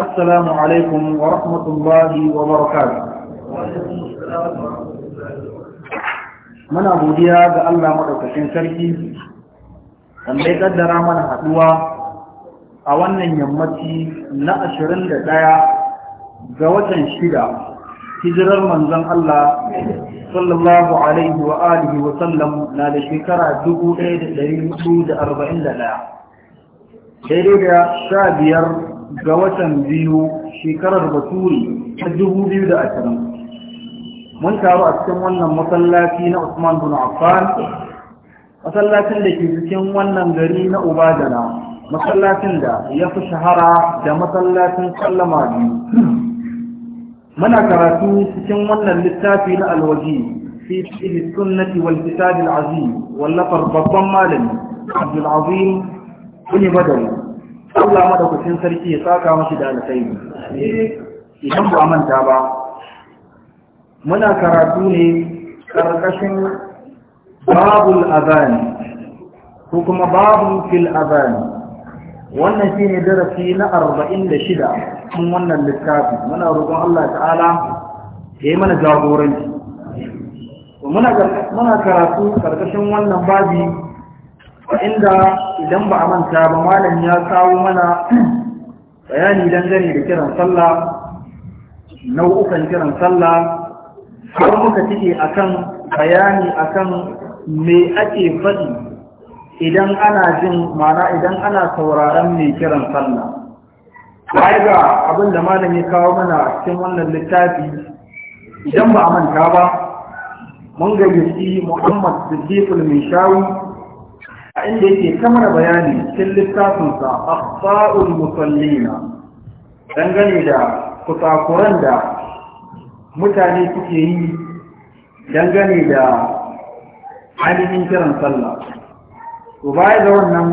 السلام عليكم ورحمة الله وبركاته من أبو دياب الله مدوكسين سركي kaddara mana haduwa a wannan yammaci na ashirin da ɗaya ga watan shida hijirar manzon Allah sallallahu alaihi wa alihi wa sallam na da shekara daidai da sha biyar ga watan biyu shekarar baturi ta dubu biyu da ashirin mun taru a cikin wannan masallaci na usman bin affan masallacin da ke cikin wannan gari na ubadana masallacin da ya fi shahara da masallacin sallama biyu muna karatu cikin wannan littafi na alwaji في sunnati السنة والكتاب العظيم واللفر بطن مالن عبد العظيم بن بدوي Allah madaukakin sarki ya saka mashi da alkhairi idan ba manta ba muna karatu ne karkashin babul azani ko kuma babu fil azani wannan shine darasi na 46 cikin wannan littafi muna roƙon Allah ta'ala ya yi mana jagoranci muna karatu karkashin wannan babi inda idan ba a manta ba malam ya kawo mana bayani dangane da kiran sallah nau'ukan kiran sallah har muka cike akan bayani akan me ake faɗi idan ana jin mana idan ana sauraron mai kiran sallah baya ga abin da malam ya kawo mana cikin wannan littafi idan ba a manta ba mun gayyaci muhammad siddiqul Mishawi a inda yake kamar bayani cikin littafinsa akhta'ul musallina dangane da kusakuran da mutane suke yi dangane da ainihin kiran sallah to baya da wannan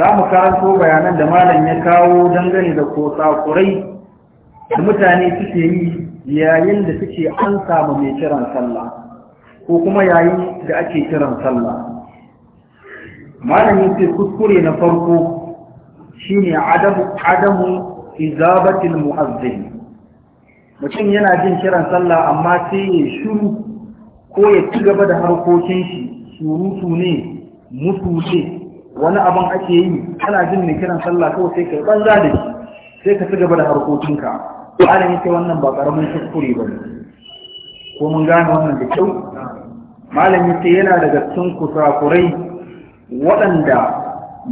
za mu karanto bayanan da malam ya kawo dangane da kusakurai da mutane suke yi yayin da suke an samu mai kiran sallah ko kuma yayin da ake kiran sallah malamin sai kuskure na farko shine adamu adamu izabatil muazzin mutum yana jin kiran sallah amma sai ya shiru ko ya ci gaba da harkokin shi surutu ne mutu ce wani abin ake yi kana jin mai kiran sallah kawai sai ka banza da shi sai ka ci gaba da harkokinka malamin sai wannan ba karamin kuskure ba ko mun gane wannan da kyau malami sai yana daga cikin kusakurai waɗanda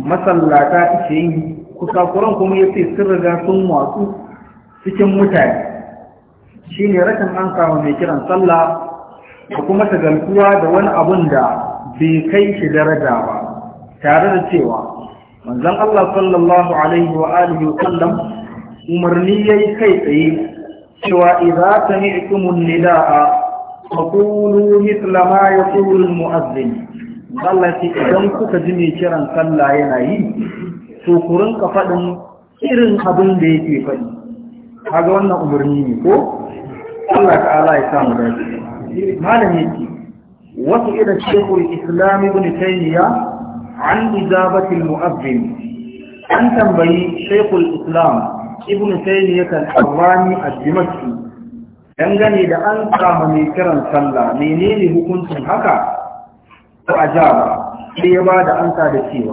masallata ke yi kusakuran kuma ya ce sun riga sun watsu cikin mutane shi ne rashin an samu mai kiran sallah da kuma tagaltuwa da wani abun da bai kai shi daraja ba tare da cewa manzan Allah sallallahu alaihi wa alihi wa sallam umarni yi kai tsaye cewa idan idza sami'tumun nidaa faqulu mithla ma yaqulu al Allah ce idan kuka ji mai kiran sallah yana yi to ku rinka faɗin irin abin da yake faɗi kaga wannan umarni ne ko Allah ta'ala ya samu dace malam yake wasu irin shekul islam ibn taymiya an ijabati al-mu'azzin an tambayi shekul islam ibn taymiya kan arwani ad-dimashqi dangane da an samu mai kiran sallah menene hukuncin haka وأجاب في بعد أن تادسيه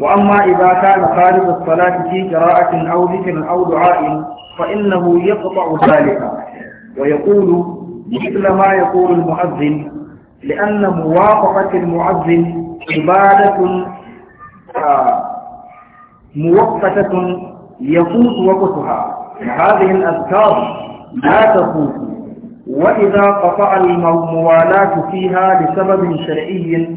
وأما إذا كان خارج الصلاة في قراءة أو ذكر أو دعاء فإنه يقطع ذلك ويقول مثل ما يقول المؤذن لأن موافقة المؤذن عبادة موقتة يفوت وقتها هذه الأذكار لا تفوت وإذا قطع الموالاة فيها لسبب شرعي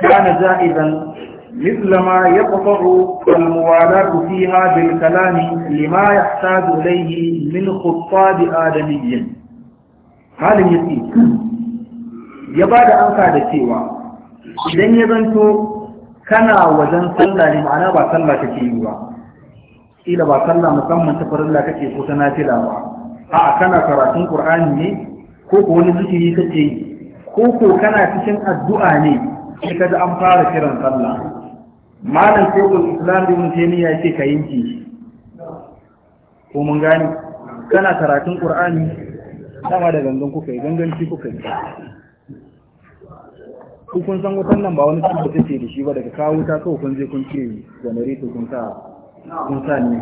كان جائزا مثل ما يقطع الموالاة فيها بالكلام لما يحتاج إليه من خطاب آدمي halin ya ya ba da amsa da cewa idan ya zanto kana wajen sallah ne ma'ana ba sallah kake yi ba ila ba sallah musamman ta farilla kake ko ta nafila ba A'a kana karatun qur'ani ne ko ko wani zikiri kake yi ko ko kana cikin addu'a ne sai kaji an fara kiran sallah malam shekul islam ibn taymiya yake ka yanki ko mun gane kana karatun qur'ani dama da gangan kuka yi ganganci kuka yi ku kun san wannan nan ba wani cikin da take da shi ba daga kawo ta kawai kun je kun ce generator kun sa kun sa ne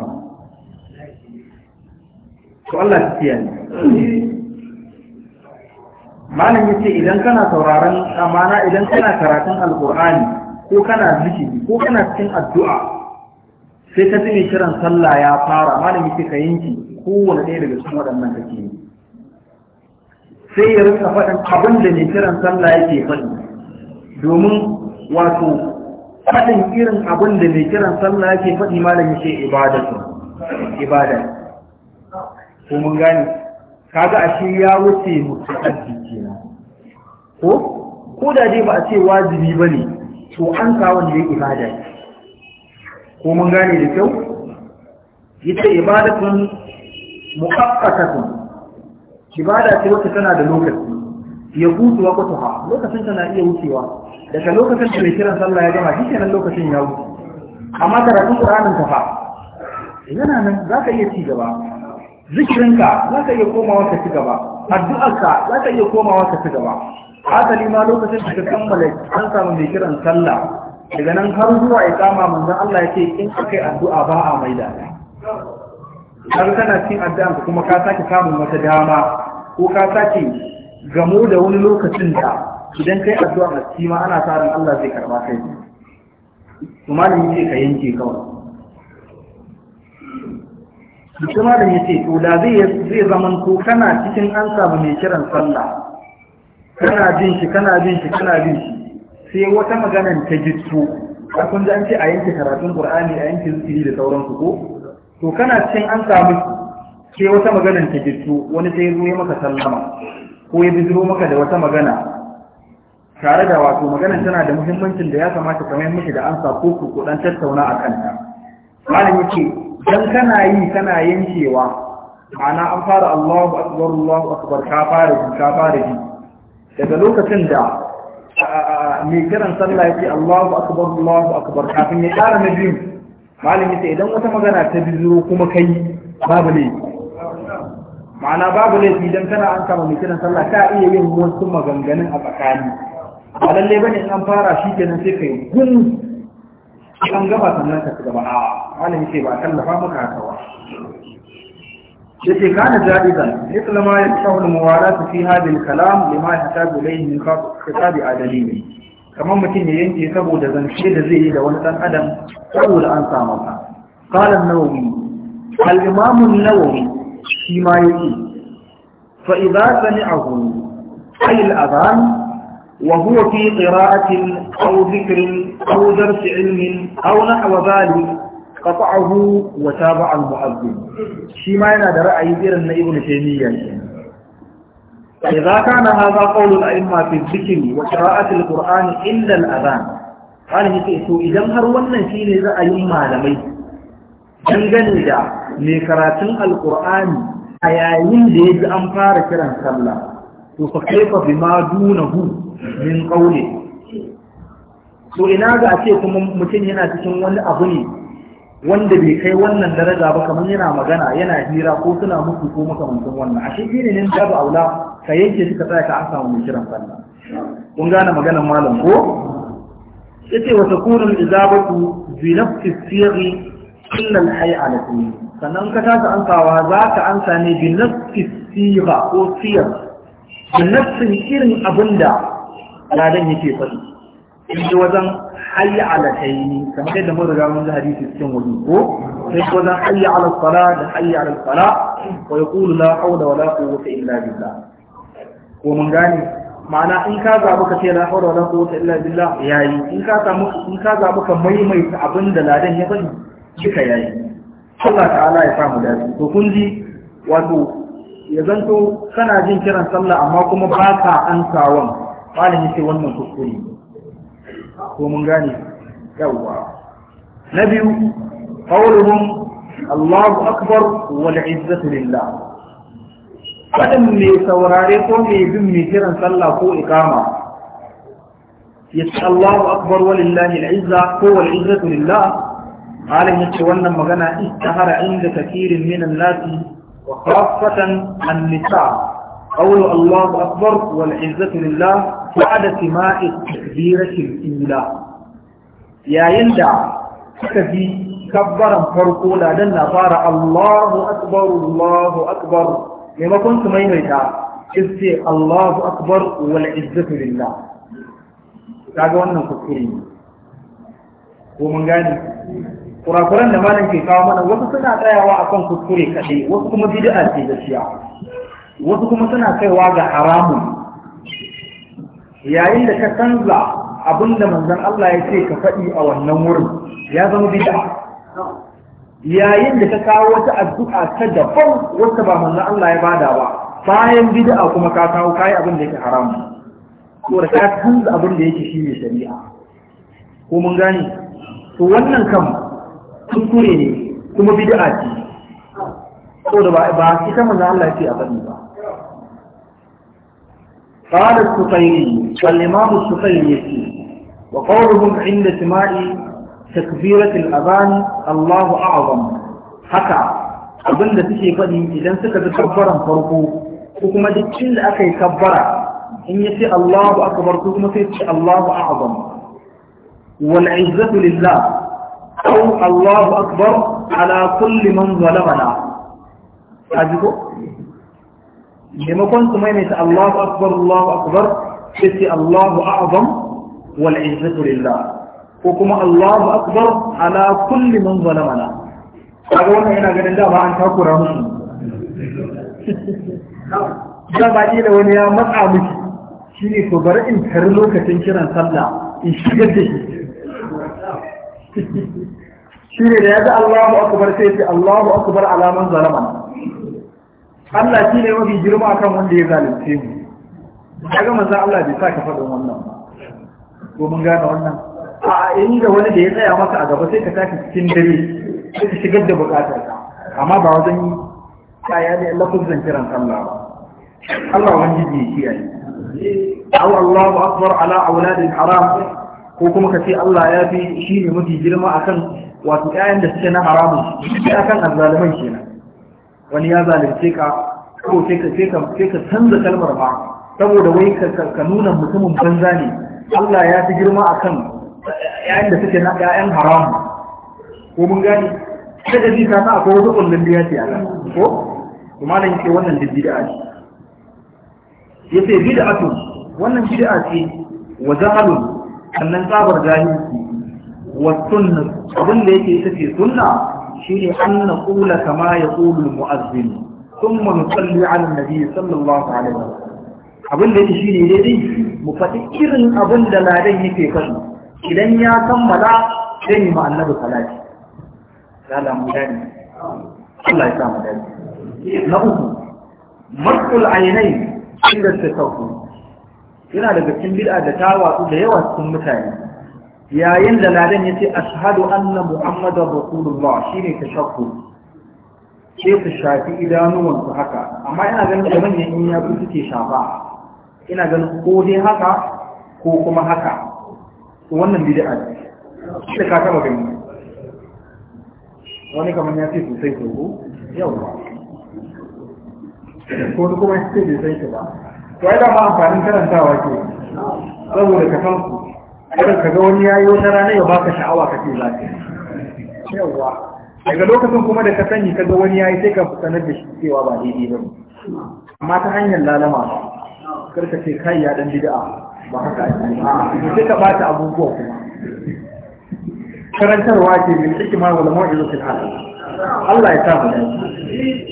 ko Allah ya ni. malam yace idan kana sauraron amana idan kana karatun alqur'ani ko kana zikiri ko kana cikin addu'a sai ka tuni mai kiran sallah ya fara malam yace ka yanki kowane ɗaya daga cikin waɗannan kake yi sai ya rinka faɗin abin da mai kiran sallah yake faɗi domin wato faɗin irin abin da mai kiran sallah yake faɗi malam yace ibadatu ibada ko mun gane kaga ashe ya wuce mutaaddi kenan ko ko da dai ba a ce wajibi bane to an kawo wanda ya ibada ko mun gane da kyau ita ibadatun muhaqqaqatun ibada ce wacce tana da lokaci ya hutu wa kutuha lokacin tana iya wucewa daga lokacin da mai kiran sallah ya gama shi kenan lokacin ya wuce amma karatun qur'anin ta fa yana nan za ka iya ci gaba zikirinka za ka iya komawa ka ci gaba addu'arka za ka iya komawa ka ci gaba Asali ma lokacin da ka kammala an samu mai kiran sallah daga nan har zuwa ya kama manzon Allah ya ce in ka kai addu'a ba a maida har kana cin addu'an ka kuma ka sake samun wata dama ko ka sake gamo da wani lokacin da idan kai addu'a a ma ana sa ran Allah zai karba kai to malami ce ka yanke kawai mutum da ya ce to da zai zaman ko kana cikin an samu mai kiran sallah kana bin shi kana bin shi kana bin shi sai wata maganan ta gitto a kun ji an ce a yanke karatun qur'ani a yanke zikiri da sauransu ko to kana cikin an samu sai wata maganan ta gitto wani sai zo ya maka sallama ko ya biziro maka da wata magana tare da wato maganar tana da muhimmancin da ya kamata kamar miki da amsa ko ku kudan tattauna a kanta malam yake dan kana yi kana yankewa ma'ana an fara Allahu akbar Allahu akbar ka fara ji ka fara ji daga lokacin da mai kiran sallah yake Allahu akbar Allahu akbar kafin ya ƙara na biyu malami sai idan wata magana ta bizuro kuma kai babu laifi ma'ana babu laifi idan kana an samu mai kiran sallah ka iya yin wasu maganganun a tsakani ba lalle bane an fara shi kenan sai kai gun an gaba sannan ka ci gaba a'a عالم كيبا ألفا مكاتوا لكي كان جائزا مثل ما يكتب الموالاة في هذا الكلام لما يحتاج إليه من خطاب آدمين كما ممكن ينتهي كبو دزن شيء دزيه دولة أدم أول أن صامتها قال النووي الإمام النووي فيما يجي فإذا سمعه أي الأذان وهو في قراءة أو ذكر أو درس علم أو نحو ذلك qata'ahu wa taba'a al-mu'azzin shi ma yana da ra'ayi irin na ibnu taymiyyah إذا كان هذا قول الأئمة في الذكر وقراءة القرآن إلا الأذان قال هيك to idan har wannan shine ra'ayin malamai gani da mai karatun alqur'ani a yayin da yaji an fara kiran sallah to fa kaifa bima dunahu min qawli to ina ga ce kuma mutum yana cikin wani abu ne wanda bai kai wannan daraja ba kamar yana magana yana hira ko suna musu ko makamantan wannan ashe shine ne da aula ka yanke suka tsaya ka an samu mai kiran sallah kun gane maganar malam ko yace wa takunu al-izabatu bi nafsi sirri illa al-hay'a sannan ka tashi ansawa za ka ansa ne bi nafsi sirra ko sirr bi nafsin irin abinda ladan yake faɗi in wajen hayya ala tayni kamar yadda mun riga mun ji hadisi cikin wani ko sai ko zan hayya ala sala da hayya ala sala wa yaqulu la hawla wala quwwata illa billah ko mun gane ma'ana in ka zabu ka ce la hawla wala quwwata illa billah yayi in ka samu in ka zabu ka maimaita abin da ladan ya faɗi kika yayi Allah ta'ala ya samu dace to kun ji wato ya zanto kana jin kiran sallah amma kuma ba ka ansawan malami ce wannan kuskure ko mun gane yawwa na biyu qauluhum Allahu akbar wal izzatu lillah fadin mai saurare ko me bin me kiran sallah ko ikama yace Allahu akbar walillahi al ko wal izzatu lillah malam yace wannan magana istahara inda kafirin minan nasi wa khaffatan an-nisa qawlu Allahu akbar wal izzatu lillah wa'ada sima'i takbiratul ula yayin da suka ji kabbaran farko da dan na fara Allahu akbar Allahu akbar ne ma kun mai mai ta sai Allahu akbar wal izzatu lillah kaga wannan kuskure ko mun gane kurakuran da malam ke kawo mana wasu suna tsayawa akan kuskure kadai wasu kuma bid'a ce gaskiya wasu kuma suna kaiwa ga haramun yayin da ka canza abin da manzan Allah ya ce ka faɗi a wannan wurin ya zama bid'a yayin da ka kawo wata addu'a ta daban wacce ba manzan Allah ya bada ba bayan bid'a kuma ka kawo kai abin da yake haramu ko da ka canza abin da yake shine shari'a ko mun gane to wannan kam kuskure ne kuma bid'a ce da ba ita manzan Allah ya ce a bani ba قال السفيني والإمام السفيني وقولهم عند سماء تكبيرة الأذان الله أعظم حكى Haka abinda suke faɗi idan suka ji kabbaran farko ko kuma duk inda aka yi kabbara in ya ce Allahu akbar ko kuma sai ce Allahu a'zam wal izzatu Allahu akbar ala kulli man zalamana ajiko maimakon su maimaita Allahu akbar Allahu akbar sai ce Allahu a'zam wal izzatu lillah ko kuma Allahu akbar ala kulli man zalamana kaga wannan yana ganin da ba an takura musu da ba da wani ya matsa miki shine ko bari in tar lokacin kiran sallah in shigar da shi shine da yaji Allahu akbar sai ce Allahu akbar ala man zalamana Allah shi ne mafi girma akan wanda ya zalunce mu daga manzan Allah bai sa ka faɗin wannan ba mun gane wannan a inda wani da ya tsaya maka a gaba sai ka tafi cikin dare sai ka shigar da bukatar ka amma ba wajen yi kaya ne Allah kun kiran Allah ba Allah wani ji shi yayi aw Allahu akbar ala auladil haram ko kuma ka ce Allah ya fi shi ne mafi girma akan wato ƴaƴan da suke na haramun akan azzaliman kenan wani ya zalunce ka ko sai ka canza kalmar ba saboda wai ka nuna mutumin banza ne Allah ya fi girma akan 'ya'yan eh, da suke na ƴaƴan haram ko mun gani sai da ji ka ta akwai wata kullun biya ce Allah ko kuma nan ce wannan da bid'a ce yace bid'atu wannan bid'a ce wa jahalun sannan tsabar jahilci wa sunnah abin da yake ita ce sunna shine an naqula kama ya al-mu'azzin ثم نصلي على النبي صلى الله عليه وسلم abin da shi ne dai mu faɗi irin abin da ladan yake faɗi idan ya kammala zai ma annabi salati Allah mu dani Allah ya samu dani na uku marqul aynai inda tasawuf yana daga cikin bid'a da ta watsu da yawa cikin mutane yayin da ladan yace ashhadu anna muhammadar rasulullah shine tasawuf sai su shafi idanuwansu haka amma ina ganin da manyan in yaku suke shafa ina ganin ko dai haka ko kuma haka wannan bid'a ce shi ka taba gani wani kamar ya ce sosai ko yau ba ko kuma ya ce bai sai ta ba to ai da ma amfanin karantawa ke saboda ka san ku idan ka ga wani yayi wata rana ya baka sha'awa kake lafiya yawa daga lokacin kuma da ka sani ka ga wani yayi sai ka sanar da shi cewa ba daidai ba amma ta hanyar lalama karka ce kai ya dan bid'a ba haka ake sai ka bata abubuwa kuma karantarwa ce min hikima wal mau'izatil hasan Allah ya sa mu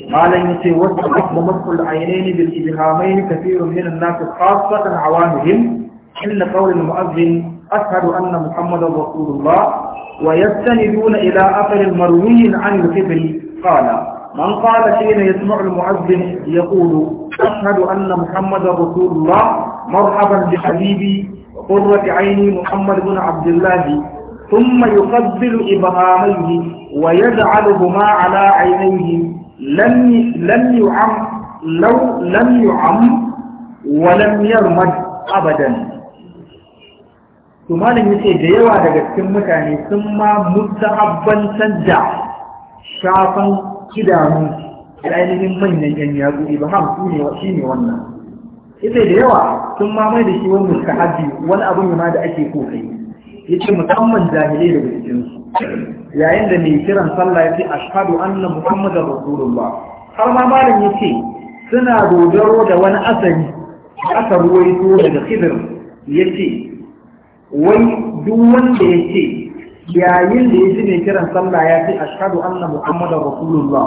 malan yace wasu akbu masul aynaini bil ibhamain kathirun min an-nas khassatan awamihim illa qawl al-mu'adhdhin ashhadu anna muhammadar rasulullah ويستندون إلى أثر مروي عن الخبر قال من قال حين يسمع المؤذن يقول أشهد أن محمد رسول الله مرحبا بحبيبي قرة عيني محمد بن عبد الله ثم يقبل إبهاميه ويجعلهما على عينيه لم لم يعم لو لم يعم ولم يرمد أبدا to yace da yawa daga cikin mutane sun ma abban da shafan kidanu da ainihin manyan yan yatsu ibham su ne shi ne wannan yace da yawa sun ma mai da shi wani mustahabi wani abu ne ma da ake kofi. kai yace musamman jahilai daga cikin su yayin da mai kiran sallah yace ashhadu anna muhammadar rasulullah har ma malam yace suna dogaro da wani asali aka ruwaito daga khidir yake wai duk wanda ya ce yayin da ya ji mai kiran sallah ya ce ashhadu anna muhammadar rasulullah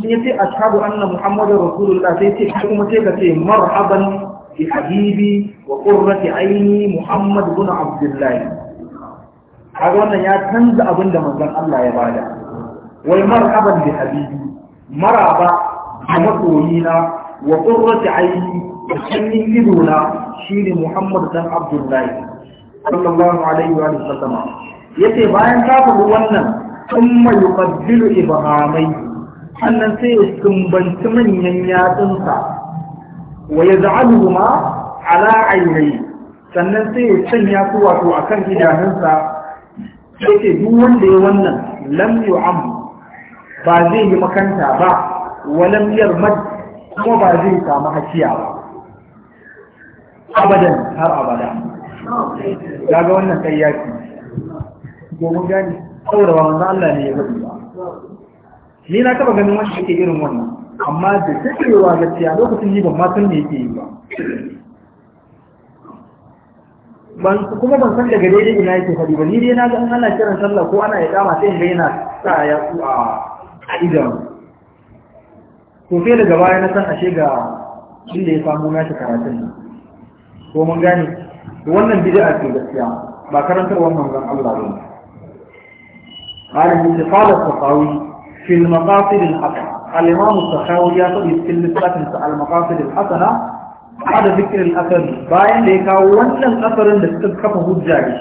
in ya ce ashhadu anna muhammadar rasulullah sai ce kuma sai ka ce marhaban bi habibi wa qurrati aini muhammad ibn abdullahi kaga wannan ya canza abin da manzon Allah ya bada wai marhaban bi habibi maraba a masoyina wa qurrati aini da sannin idona shine muhammad dan abdullahi sallallahu alaihi wa sallam yace bayan ka faɗi wannan thumma yuqabbilu ibhamai sannan sai ya sumbanci manyan yatsunsa wa yaz'aluhuma ala aynai sannan sai ya sanya su wato akan idanunsa yace duk wanda ya wannan lam yu'am ba zai yi makanta ba wa lam yarmad kuma ba zai samu hakiya ba abadan har abada kaga wannan ya ce Gobe gani saurawa wanda Allah ne ya zabi ba ni na taba ganin wanda yake irin wannan amma da ga gaskiya lokacin ni ban matan da yake yi ba ban kuma ban san daga daidai ina yake faɗi ba ni dai na ga an ana kiran sallah ko ana ya kama sai in ga yana sa ya ku a idan to sai daga baya na san ashe ga inda ya samu nashi karatun ko mun gane wannan bid'a ce gaskiya ba karantarwar manzon Allah ba قال ابن قال السخاوي في المقاصد الحسنة الإمام السخاوي يقول في اللسلة المقاصد الحسنة بعد ذكر الأثر باين ليكا وأن الأثر الذي تذكفه الجاهش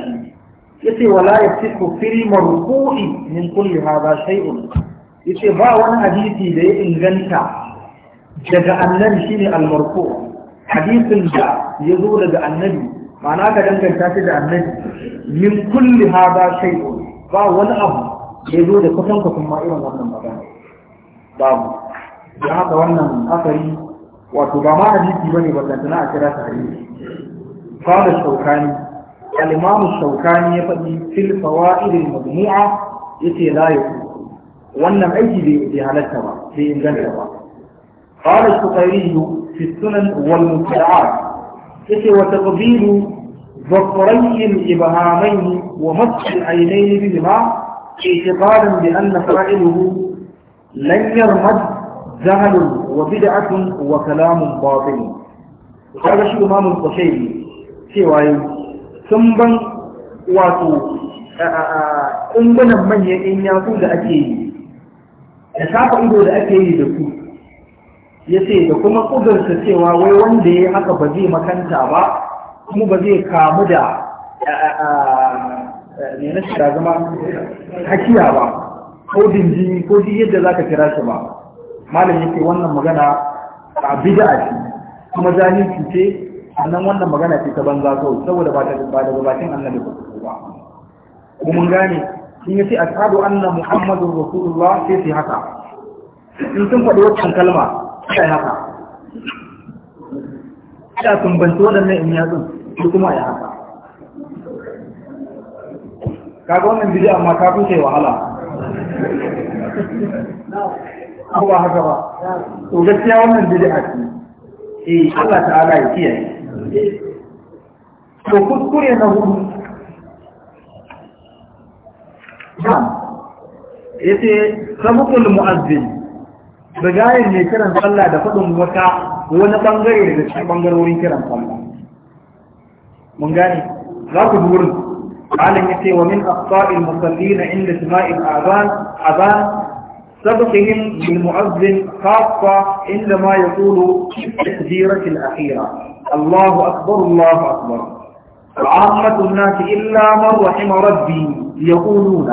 يتي ولا يفتح في المرفوع من كل هذا شيء يتي با وانا حديثي ده انغنتا daga annabi shine al-marfu hadisin da yazo daga annabi ma'ana ka danganta shi da annabi min kulli hada shay ba wani abu da zo da kusan kusan irin wannan magana babu da haka wannan asari wato ba ma hadisi bane ba tantana a kira ta hadisi shaukani al shaukani ya faɗi fil fawaid al-majmu'a yace la yakun wannan aiki bai halatta ba bai inganta ba qala al-suqayri fi yace wa ظفري الإبهامين ومسح العينين بهما اعتقادا بأن فاعله لن يرمد جهل وبدعة وكلام باطل هذا شيء إمام القشيري سواي سنبن واتو ƙungunan manyan ‘yan yaku da ake yi, da shafa ido da ake yi da ku, ya ce da kuma ƙudursa cewa wai wanda ya haka ba zai makanta ba, kuma ba zai kamu da ne na shiga zama hakiya ba ko dinjini ko duk yadda za ka kira shi ba malam yake wannan magana a bid'a ce kuma zalunci cuce sannan wannan magana ce ta banza kawai saboda ba ta ba daga bakin annabi ba ko mun gane in ce ashabu anna muhammadur rasulullah sai sai haka in sun faɗi wannan kalma sai haka ina sun wannan waɗannan in yatsun shi kuma ya haka kaga wannan bid'a ma ka kuce wahala ko ba haka ba to gaskiya wannan bid'a ce eh Allah ta'ala ya kiyaye to kuskure na hudu ce sabukul mu'azzin rigayen ne kiran sallah da faɗin wata wani ɓangare daga cikin ɓangarorin kiran sallah mun gane za ku bi wurin malam yace wa min aqsa'il musallina inda سبقهم بالمؤذن خاصة عندما يقول التكبيرة الأخيرة الله أكبر الله أكبر وعامة الناس إلا من رحم ربي يقولون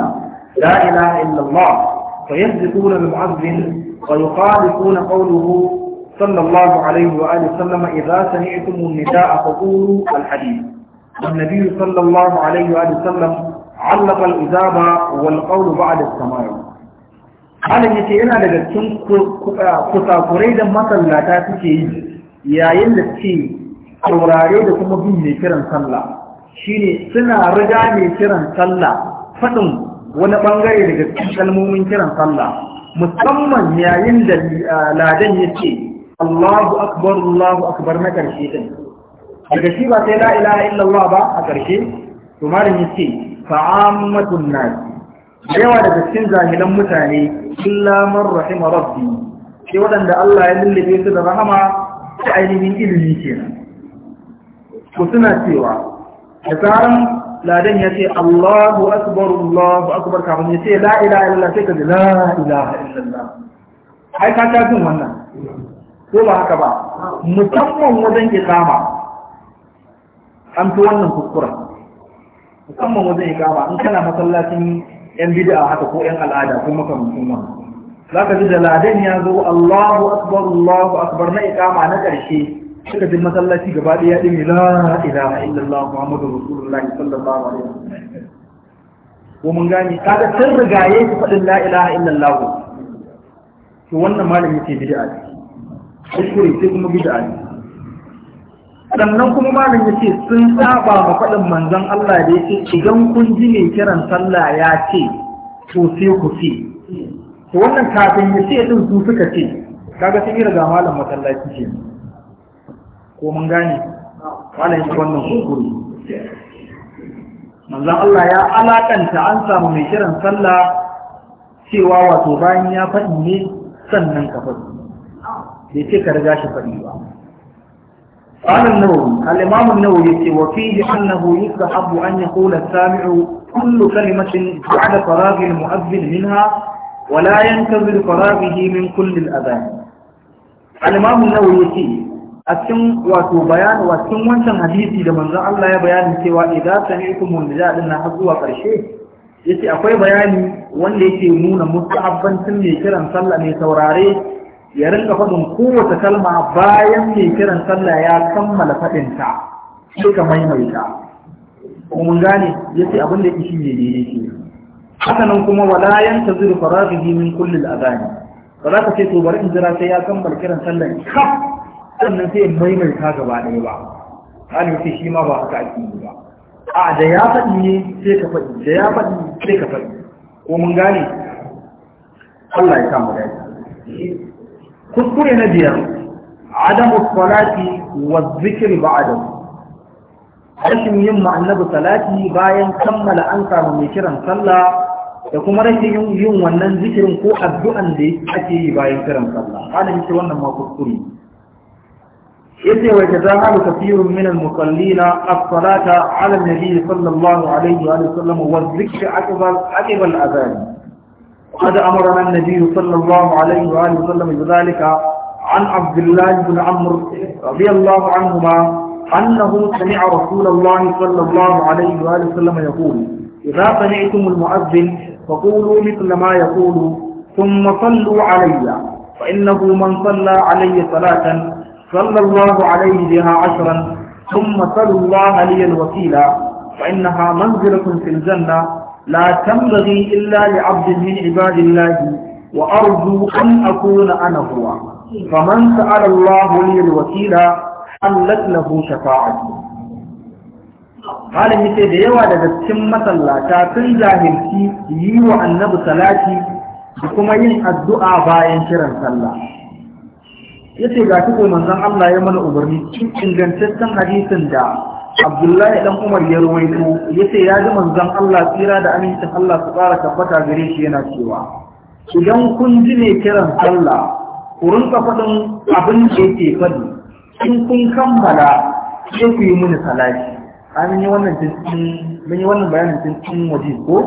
لا إله إلا الله فيصدقون المؤذن ويخالفون قوله صلى الله عليه وآله وسلم إذا سمعتم النداء فقولوا الحديث والنبي صلى الله عليه وآله وسلم علق الإجابة والقول بعد السماع halin ya ce yana daga cikin kusakurai da masallata suke yi yayin da ce saurare da kuma bin mai kiran sallah shine suna riga mai kiran sallah faɗin wani ɓangare daga cikin kalmomin kiran sallah musamman yayin da ladan ya ce Allahu akbar Allahu na karshe din daga shi ba sai la ilaha illallah ba a karshe to malamin ce fa'ammatun nas yawa daga cikin zahilan mutane illa man rahima rabbi sai waɗanda Allah ya lullube su da rahama ta ainihin ilimi kenan ku suna cewa da tsarin ladan ya ce Allahu akbar Allahu akbar kafin ya ce la ilaha illallah sai ka ji la ai ka jin wannan ko ba haka ba musamman wajen ikama an fi wannan kuskura musamman wajen ikama in kana masallacin yan bid'a haka ko yan al'ada ko makamancin wannan zaka ji da ladan ya zo Allahu akbar Allahu akbar na ikama na karshe suka ji masallaci gaba ɗaya ɗin la ilaha illallah muhammadu rasulullahi sallallahu alaihi wasallam ko mun gane kaga sun rigaye su faɗin la ilaha illallah to wannan malami ce bid'a ce kuskure sai kuma bid'a ne sannan kuma malam ya ce sun saba ma faɗin manzon Allah da ya ce idan kun ji mai kiran sallah ya ce to sai ku ce to wannan kafin ya ce din su suka ce kaga sun yi ga malam masallaci ce ko mun gane malam ya wannan kuskure manzon Allah ya alakanta an samu mai kiran sallah cewa wato bayan ya faɗi ne sannan ka faɗi bai ce ka riga shi faɗi ba قال النووي الإمام النووي وفيه أنه يستحب أن يقول السامع كل كلمة بعد فراغ المؤذن منها ولا ينتظر فراغه من كل الأذان الإمام النووي a cikin wato bayan wa cikin wancan hadisi da manzon Allah ya bayani cewa idza sami'tum munzila din na har zuwa karshe yace akwai bayani wanda yake nuna mustahabbancin mai kiran sallah mai saurare ya rinka faɗin kowace kalma bayan mai kiran sallah ya kammala faɗin ta sai ka maimaita mun gane ya ce abin da yake shi ne ne ke haka nan kuma wala yantaziru faraghi min kullum a adani ba za ka ce to bari in jira sai ya kammala kiran sallah ka. sannan sai maimaita gaba ɗaya ba hali ce shi ma ba haka ake yi ba a da ya faɗi ne sai ka faɗi da ya faɗi sai ka faɗi ko mun gane Allah ya samu dace kuskure na biyar adamu salati wa zikri ba'da rashin yin ma'annabi salati bayan kammala an samu mai kiran sallah da kuma rashin yin wannan zikirin ko addu'an da ake yi bayan kiran sallah ana yake wannan ma kuskure yace wa tazahalu kathirun min al-musallina as-salata ala an-nabi sallallahu alaihi wa sallam wa dhikri akbar akbar al-adhan وقد أمرنا النبي صلى الله عليه وآله وسلم بذلك عن عبد الله بن عمرو رضي الله عنهما أنه سمع رسول الله صلى الله عليه وآله وسلم يقول إذا سمعتم المؤذن فقولوا مثل ما يقول ثم صلوا علي فإنه من صلى علي صلاة صلى الله عليه بها عشرا ثم صلوا الله لي الوسيلة فإنها منزلة في الجنة لا تنبغي إلا لعبد من عباد الله وأرجو أن أكون أنا هو فمن سأل الله لي الوسيلة حلت له شفاعتي halin yace da yawa daga cikin masallata sun jahilci yi wa annabi salati da kuma yin addu'a bayan kiran sallah yace ga tuko manzon Allah ya mana umarni cikin ingantaccen hadisin da abdullahi dan umar ya ruwaito yace ya ji manzon Allah tsira da amincin Allah su ƙara tabbata gare shi yana cewa idan kun ji ne kiran sallah ku rinka faɗin abin da yake faɗi in kun kammala sai ku yi mini salati an yi wannan cikin mun yi wannan bayanin cikin waje ko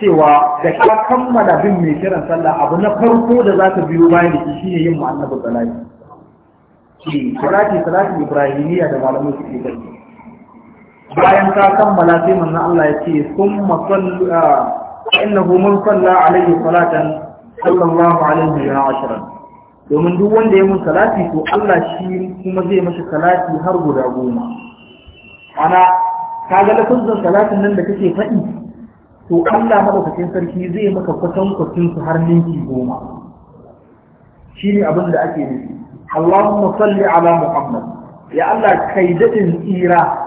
cewa da ka kammala bin mai kiran sallah abu na farko da za ka biyo bayan da shi ne yin mu salati shi salati salati ibrahimiyya da malamai suke gani bayan ka kammala sai manzo Allah ya ce summa sallu innahu man salla alayhi salatan sallallahu alaihi wa ashran domin duk wanda ya mun salati to Allah shi kuma zai mashi salati har guda goma ana kaga lafazin salatin nan da kake faɗi to Allah madaukakin sarki zai maka kwatan kwatin su har ninki goma Shi ne abin da ake nufi Allahumma salli ala Muhammad ya Allah kai dadin tsira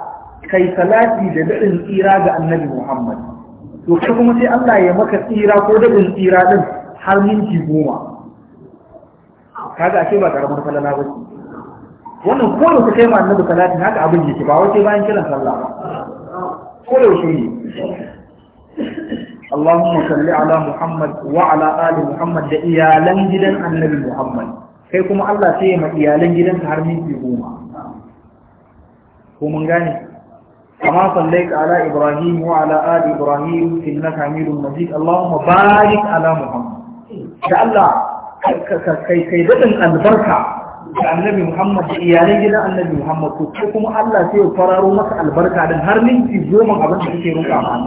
kai salati da daɗin tsira ga annabi Muhammad to kai kuma sai Allah ya maka tsira ko daɗin tsira din har minti goma kaga ashe ba ƙaramar falala ba ce wannan ko da kai ma annabi salati haka abin yake ba wace bayan kiran sallah ba ko da shi Allahumma salli ala Muhammad wa ala ali Muhammad da iyalan gidan annabi Muhammad kai kuma Allah sai ya ma iyalan gidansa har minti goma ko mun gane كما صليت على إبراهيم وعلى آل إبراهيم إنك حميد مجيد اللهم بارك على محمد شاء الله كي كيدتن البركة النبي محمد إيالي جدا النبي محمد كتكم الله سيو فرارو مس البركة لن هر من في يوم أبن تكيرو كعمان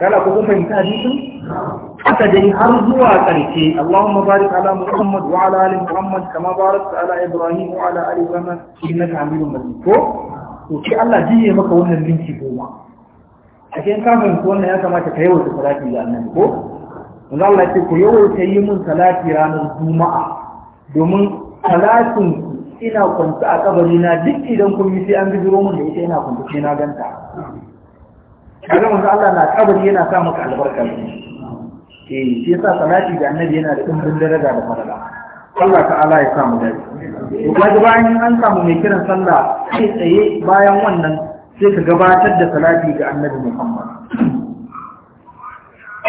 قال أبو كم فهمت حديثا حتى جاي أرجوا كريكي اللهم بارك على محمد وعلى آل محمد كما باركت على إبراهيم وعلى آل إبراهيم إنك حميد مجيد to ce Allah jiye maka wannan minti goma a cikin kafin wannan ya kamata ka yawaita salati da annabi ko wanda Allah ce ku yawaita yi mun salati ranar juma'a domin salatin ina kwanta a kabari na duk idan kun yi sai an bijiro mun da ita ina kwanta sai na ganta kaga manzo Allah na kabari yana sa maka albarka eh sai sa salati da annabi yana da dimbin daraja da fadala Allah ta'ala ya sa mu dai wajen bayan an samu mai kiran sallah sai tsaye bayan wannan sai ka gabatar da salafi ga annabi Muhammad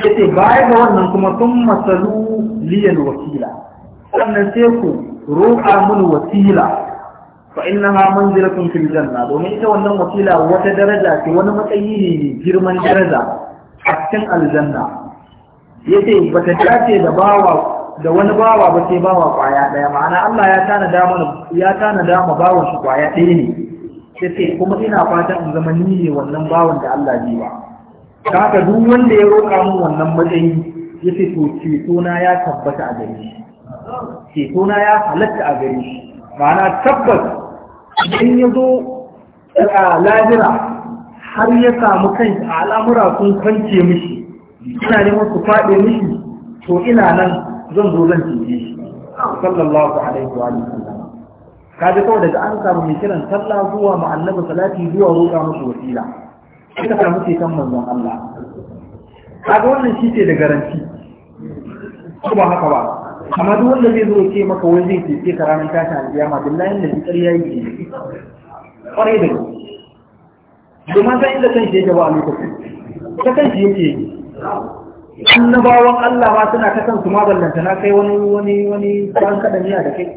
ce baya ga wannan kuma sun masalu liyan wasila wannan sai ku roƙa mun wasila fa zira manzilatun fil janna domin ita wannan wasila wata daraja ce wani matsayi ne mai girman daraja a cikin aljanna Ya yace bata dace da bawa da wani bawa ba sai bawa kwaya ɗaya ma'ana Allah ya tanada mana ya tana shi kwaya ɗaya ne sai kuma ina fata in zama ni ne wannan bawan da Allah ji ba haka duk wanda ya roƙa min wannan matsayi ya ce to ceto na ya tabbata a gare shi ceto na ya halatta a gare shi ma'ana tabbas idan ya zo a lajira har ya samu kan al'amura sun kwance mishi ina neman su faɗe mishi to ina nan zan zo zan cije shi sallallahu alaihi wa sallam kaji kawai daga an samu mai kiran sallah zuwa ma'annabi salati zuwa roƙa musu wasila ita samu ceton manzon Allah kaga wannan shi ce da garanti ko ba haka ba amma duk wanda zai zo ce maka wai zai ce ka ranar tashin alƙiyama billahi da fitar yayi ke kwarai da gaske domin san inda kan shi yake ba a lokacin ta kan shi yake yi annabawan Allah ba suna ta kansu ma ballanta na kai wani wani wani kwan kadan yana da kai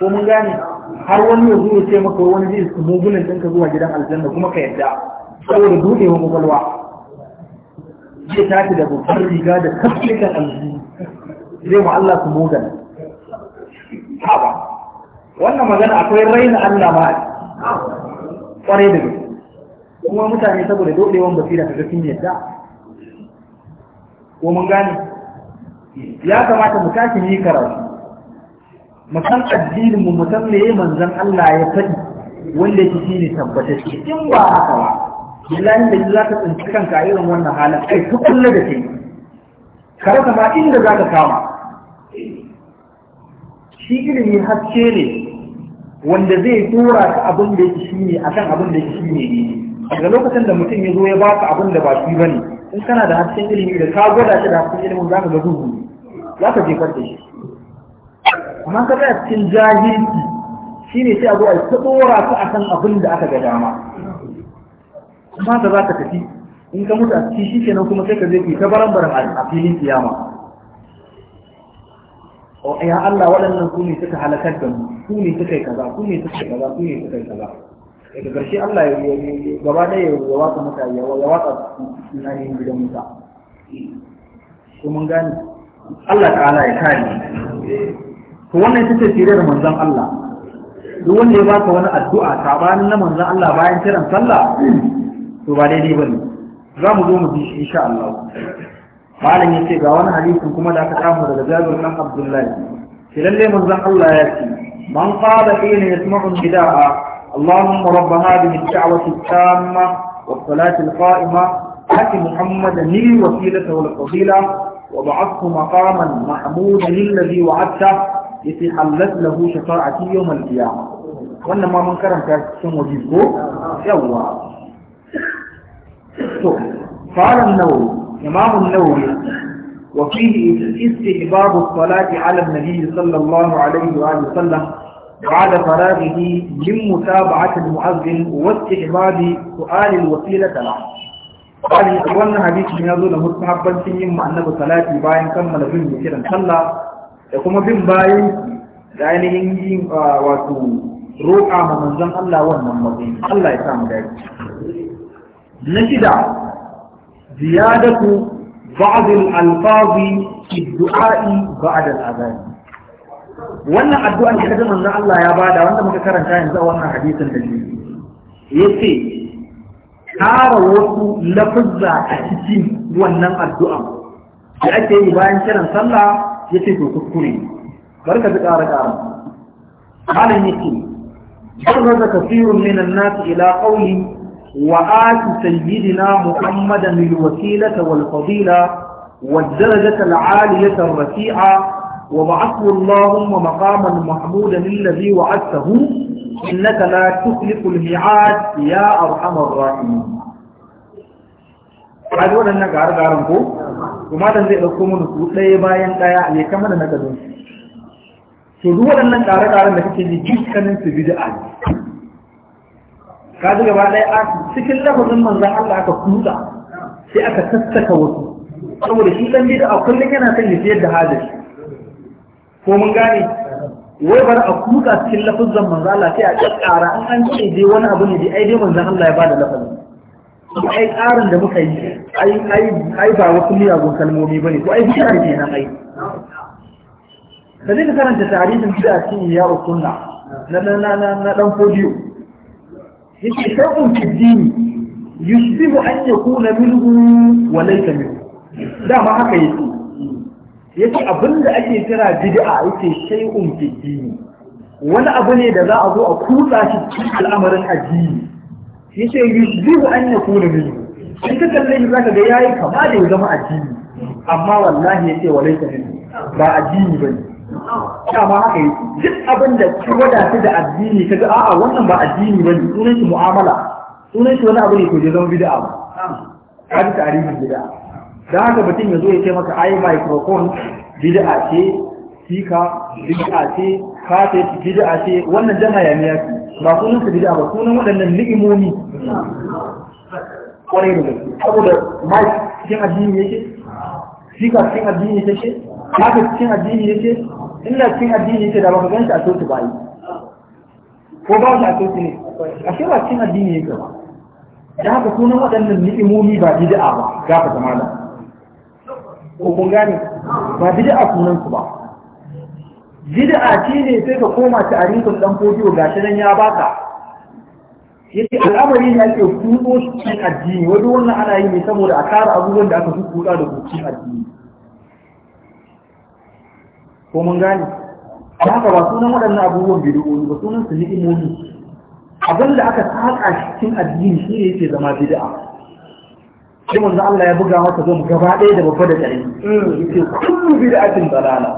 ko mun gane har wani ya zuwa ce maka wani zai su mugunan ɗinka zuwa gidan aljanna kuma ka yadda saboda buɗe wa kwakwalwa zai tashi da babbar riga da kafin aljihu zai ma Allah su mugan haba wannan magana akwai raina Allah ba kwarai da gaske kuma mutane saboda dodewan basira ga sun yadda ko mun gane ya kamata mu tashi yi karatu mu san addinin mu san me manzon Allah ya faɗi wanda yake shine tabbatacce in ba haka ba billahi da za ka tsinci kanka irin wannan halin kai ta kullu da kai ka rasa ma inda za ka kama shi ilimi haske ne wanda zai tura ka abin da yake shine akan abin da yake shine ne daga lokacin da mutum ya zo ya baka abin da ba shi bane in kana da hasken ilimi da ka gwada shi da hasken ilimin za ka ga duhu ne za ka jefar da shi amma ka tsaya cikin jahilci shi ne sai a zo a ta ɗora su a kan abin da aka ga dama kuma ka za ka tafi in ka mutu a ciki shi kenan kuma sai ka je ka ta baran-baran a filin kiyama ya Allah waɗannan su ne suka halakar da mu su ne suka yi kaza su ne suka yi kaza su ne suka yi kaza daga ƙarshe Allah ya gaba ɗaya ya watsa mata ya watsa sunanin gidan musa ko mun gane Allah ta'ala ya kare to wannan ita ce sirar manzan Allah duk wanda ya baka wani addu'a sabanin na manzan Allah bayan kiran sallah to ba daidai ne za mu zo mu bi shi insha Allah malam yace ga wani hadisin kuma da aka samu daga Jabir bin Abdullah shi lalle manzan Allah ya ce man qala ina yasma'u bida'a اللهم رب هذه الدعوة التامة والصلاة القائمة حتى محمد لي وسيلة والفضيلة وبعثه مقاما محمودا الذي وعدته التي حلت له شفاعتي يوم القيامة وإنما ما من كرم كاسم وجيبكو يوا قال النووي امام النووي وفيه استحباب الصلاة على النبي صلى الله عليه وآله وسلم بعد فراغه من متابعة المؤذن واستحباب سؤال الوسيلة له قال wannan hadisi ya zo da mustahabbancin yin annabi salati bayan kammala bin kiran sallah da kuma bin bayan da ainihin yin wato roƙa ma manzon Allah wannan matsayi Allah ya samu dai na ziyadatu ba'd al-alfazi fi du'a'i ba'd al-adhan wannan addu'an da kaji manzon Allah ya bada wanda muka karanta yanzu a wannan hadisin da shi yace kara wasu lafuzza a cikin wannan addu'a da ake yi bayan kiran sallah yace to kuskure barka da ƙara ƙara malam yake جرد كثير sayyidina الناس إلى wasilata وآت سيدنا wal الوسيلة والفضيلة والدرجة العالية rafi'a. وبعثه اللهم مقاما محمودا الذي وعدته إنك لا تخلف الميعاد يا أرحم الراحمين kaji waɗannan ƙare-ƙaren ko kuma dan zai ɗauko mana su ɗaya bayan ɗaya ne kama da na gadon su duk waɗannan ƙare-ƙaren da kake ji dukkanin su bi da ali kaji gaba ɗaya a cikin lafazin manzan Allah aka kusa sai aka sassaka wasu saboda shi ɗan bi da a kullum yana son ya siyar da hajji ko mun gane wai bar a kuka cikin lafazan manzo Allah sai a tsara an an ce dai wani abu ne dai ai dai manzo Allah ya bada lafazi kuma ai tsarin da muka yi ai ai ai ba wasu miyagun kalmomi bane ko ai bid'a ne nan ai kaje ka karanta tarihin bid'a cikin ya sunna na na na na dan fodiyo yake shakun fiddini yusibu an yakuna minhu wa laysa minhu dama haka yake yace abinda ake kira bid'a yake shay'un fi dini wani abu ne da za a zo a kutsa shi cikin al'amarin addini yace yuzibu an yakuna min. in ka kalle shi zaka ga yayi kama da ya zama addini amma wallahi yace walaysa minhu ba addini bane ma haka yi duk abin da wada wadata da addini kaga a'a wannan ba addini bane sunan shi mu'amala sunan shi wani abu ne ko je zama bid'a ba hadi tarihin bid'a da haka mutum ya zo ya ce maka ai microphone bid'a ce sika bid'a ce kafet bid'a ce wannan dan hayaniya ce ba sunan ka bid'a ba sunan waɗannan ni'imomi kwarai da gaske saboda mic cikin addini yake sika cikin addini yake kafe cikin addini yake illa cikin addini yake da baka ganshi a sotu ba yi ko ba su a sotu ne a shi ba cikin addini yake ba da haka sunan waɗannan ni'imomi ba bid'a ba gafa da. ko kun gane ba bid'a sunan su ba bid'a ce ne sai ka koma ta arifin dan fodiyo gashi nan ya baka yake al'amari ne ake kudo shi cikin addini wani wannan ana yi ne saboda a kara abubuwan da aka fi kuda da cikin addini ko mun gane da haka ba sunan waɗannan abubuwan bidiyoyi ba sunan su ni'imomi abin da aka saka cikin addini shi ne yake zama bid'a shi manzo Allah ya buga masa zo gaba ɗaya da babba da ƙarfi mm. yace kullu bid'atin dalala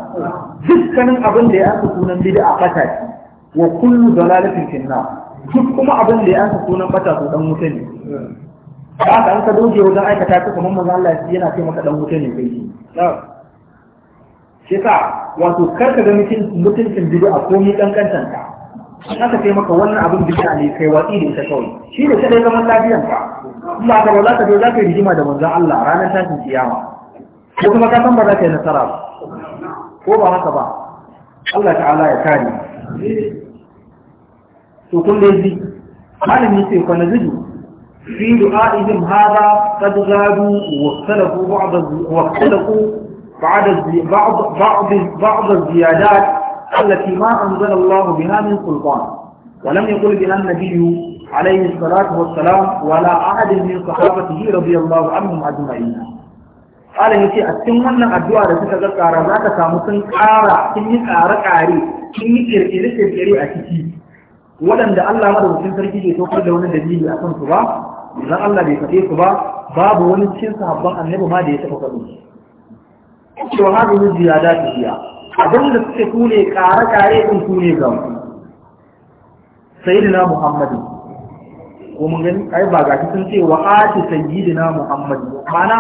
dukkanin abin da ya aka sunan bid'a bata wa kullu dalalatin finna duk kuma abin da ya aka sunan bata to dan wuta ne Ba mm. ka an ka doge wajen aikata ta kamar manzo Allah yana ce maka dan wuta ne kai shi sa wato kar ka ga mutuncin bid'a ko mi kankantan ka in aka ce maka wannan abin bid'a ne kai watsi da ita kawai shi ne kadai zaman lafiyan ka ba ka ba za ka je za ka yi rigima da manzon Allah ranar tashin kiyama ko kuma ka san ba za ka yi nasara ba ko ba haka ba Allah ta'ala ya kare to kun dai ji malami sai kwana zuju fi du'a'ihim hada qad zadu wa salafu ba'd wa salafu ba'd ba'd ba'd ba'd ziyadat allati ma anzala Allah biha min sultan ولم يقل بها النبي عليه الصلاة والسلام ولا أحد من صحابته رضي الله عنهم أجمعين قال يتي أتم wannan addu'a da suka ga ƙara za ka samu sun ƙara sun yi ƙara ƙare sun yi ƙirƙire-ƙirƙire a ciki waɗanda Allah madaukakin sarki ke saukar da wani dalili a kansu ba idan Allah bai faɗe ba babu wani cikin sahabban annabi ma da ya taɓa faɗo cewa hadu Muhammadu ko mun gani ai ba ga sun ce wa ati sayyidina muhammad mana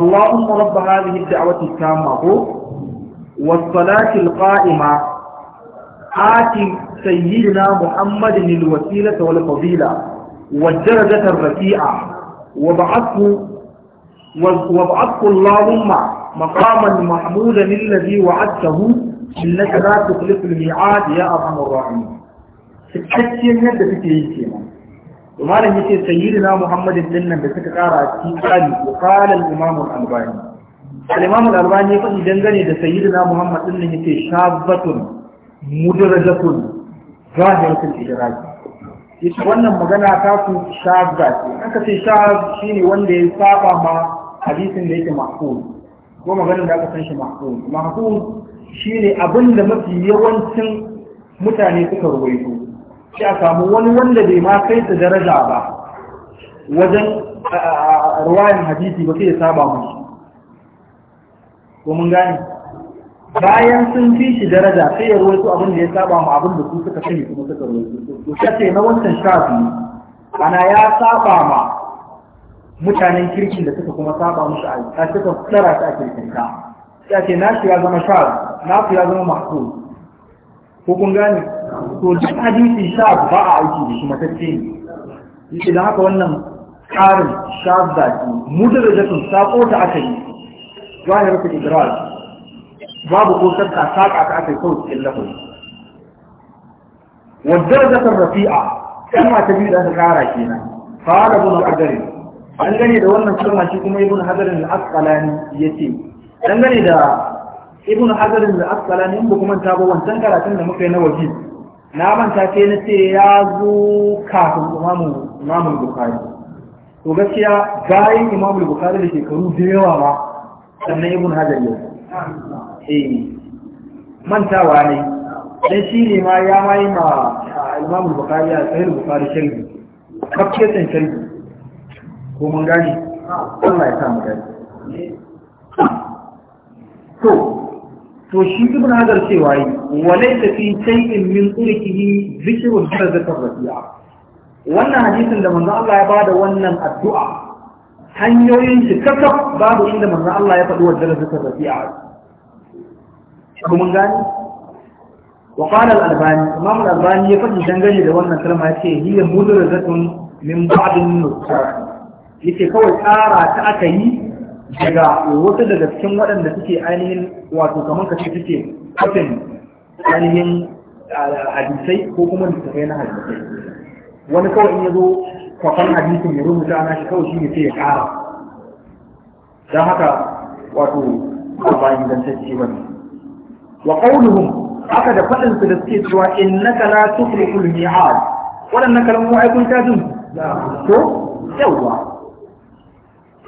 allahumma rabb hadhihi ad-da'wati tamma ko was-salati al-qa'ima ati sayyidina muhammad al-wasilata wal-fadila wad-darajata ar-rafi'a wa ba'athu wa ba'athu allahumma maqaman mahmudan alladhi wa'adtahu innaka la tukhlifu al-mi'ad ya arhamar rahimin cikakken yadda kake yi kenan malam yace sayyidina muhammadin dinnan da suka kara a cikin tsari wa qala albani al albani ya faɗi dangane da sayyidina muhammad din nan yace shabbatun mudrajatun zahiratul idraj Ita wannan magana ta fi shabba ce aka ce shab shine wanda ya saba ma hadisin da yake mahfuz ko maganar da aka san shi mahfuz mahfuz shine abinda mafi yawancin mutane suka ruwaito shi a samu wani wanda bai ma kai ta daraja ba wajen ruwayin hadisi ba sai ya saba mu ko mun gane bayan sun fi shi daraja sai ya ruwaito abin da ya saba mu abin da su suka sani kuma suka ruwaito to kace na wancan shafi ana ya saba ma mutanen kirkin da suka kuma saba shi a suka tsara ta a kirkin ka sai ce na shi ya zama shafi na ya zama mahfuz ko kun gane to duk hadisi sha ba a aiki da shi matacce ne yake da haka wannan karin sha da da mudarajatun sako ta aka yi zahirar ta idrar babu ko sarka saka ta aka yi kawai cikin lafazi wadarajatar rafi'a kalma ta biyu da aka kara kenan fara bin qadari an gane da wannan kalma shi kuma ibn hadarin al-asqalani yace an da ibn hajarin da asqalani in kuma ta ba wancan karatun da muka yi na waje na manta ce na ce ya zo kafin imamu imamu bukhari to gaskiya bayan imamu bukhari da shekaru da yawa ma sannan ibn hajar ya eh mantawa ne dan shi ne ma ya mai ma ah, imamu bukhari ya sai bukhari sharhi kafketan sharhi ko mun gane Allah ya sa mu gane to to shi ibn hajar cewa yi walai da fi shay'in min turkihi zikrun darajatar rafi'a wannan hadisin da manzo Allah ya bada wannan addu'a hanyoyin shi kakaf babu inda manzo Allah ya faɗi wa darajatar rafi'a ko mun gani wa qala al-albani imam al-albani ya faɗi dangane da wannan kalma yace hiya mudrajatun min ba'd an-nusar yace kawai tsara ta aka yi daga wasu daga cikin waɗanda suke ainihin wato kamar kace suke kafin ainihin hadisai ko kuma littattafai na hadisai wani kawai in ya zo kwafan hadisin ya rubuta na shi kawai shi ne sai ya ƙara don haka wato ba bayan gantacce ba ne wa qauluhum haka da faɗin su da suke cewa innaka la tukhliqul mi'ad waɗannan kalmomi ai kun tajin ko yawwa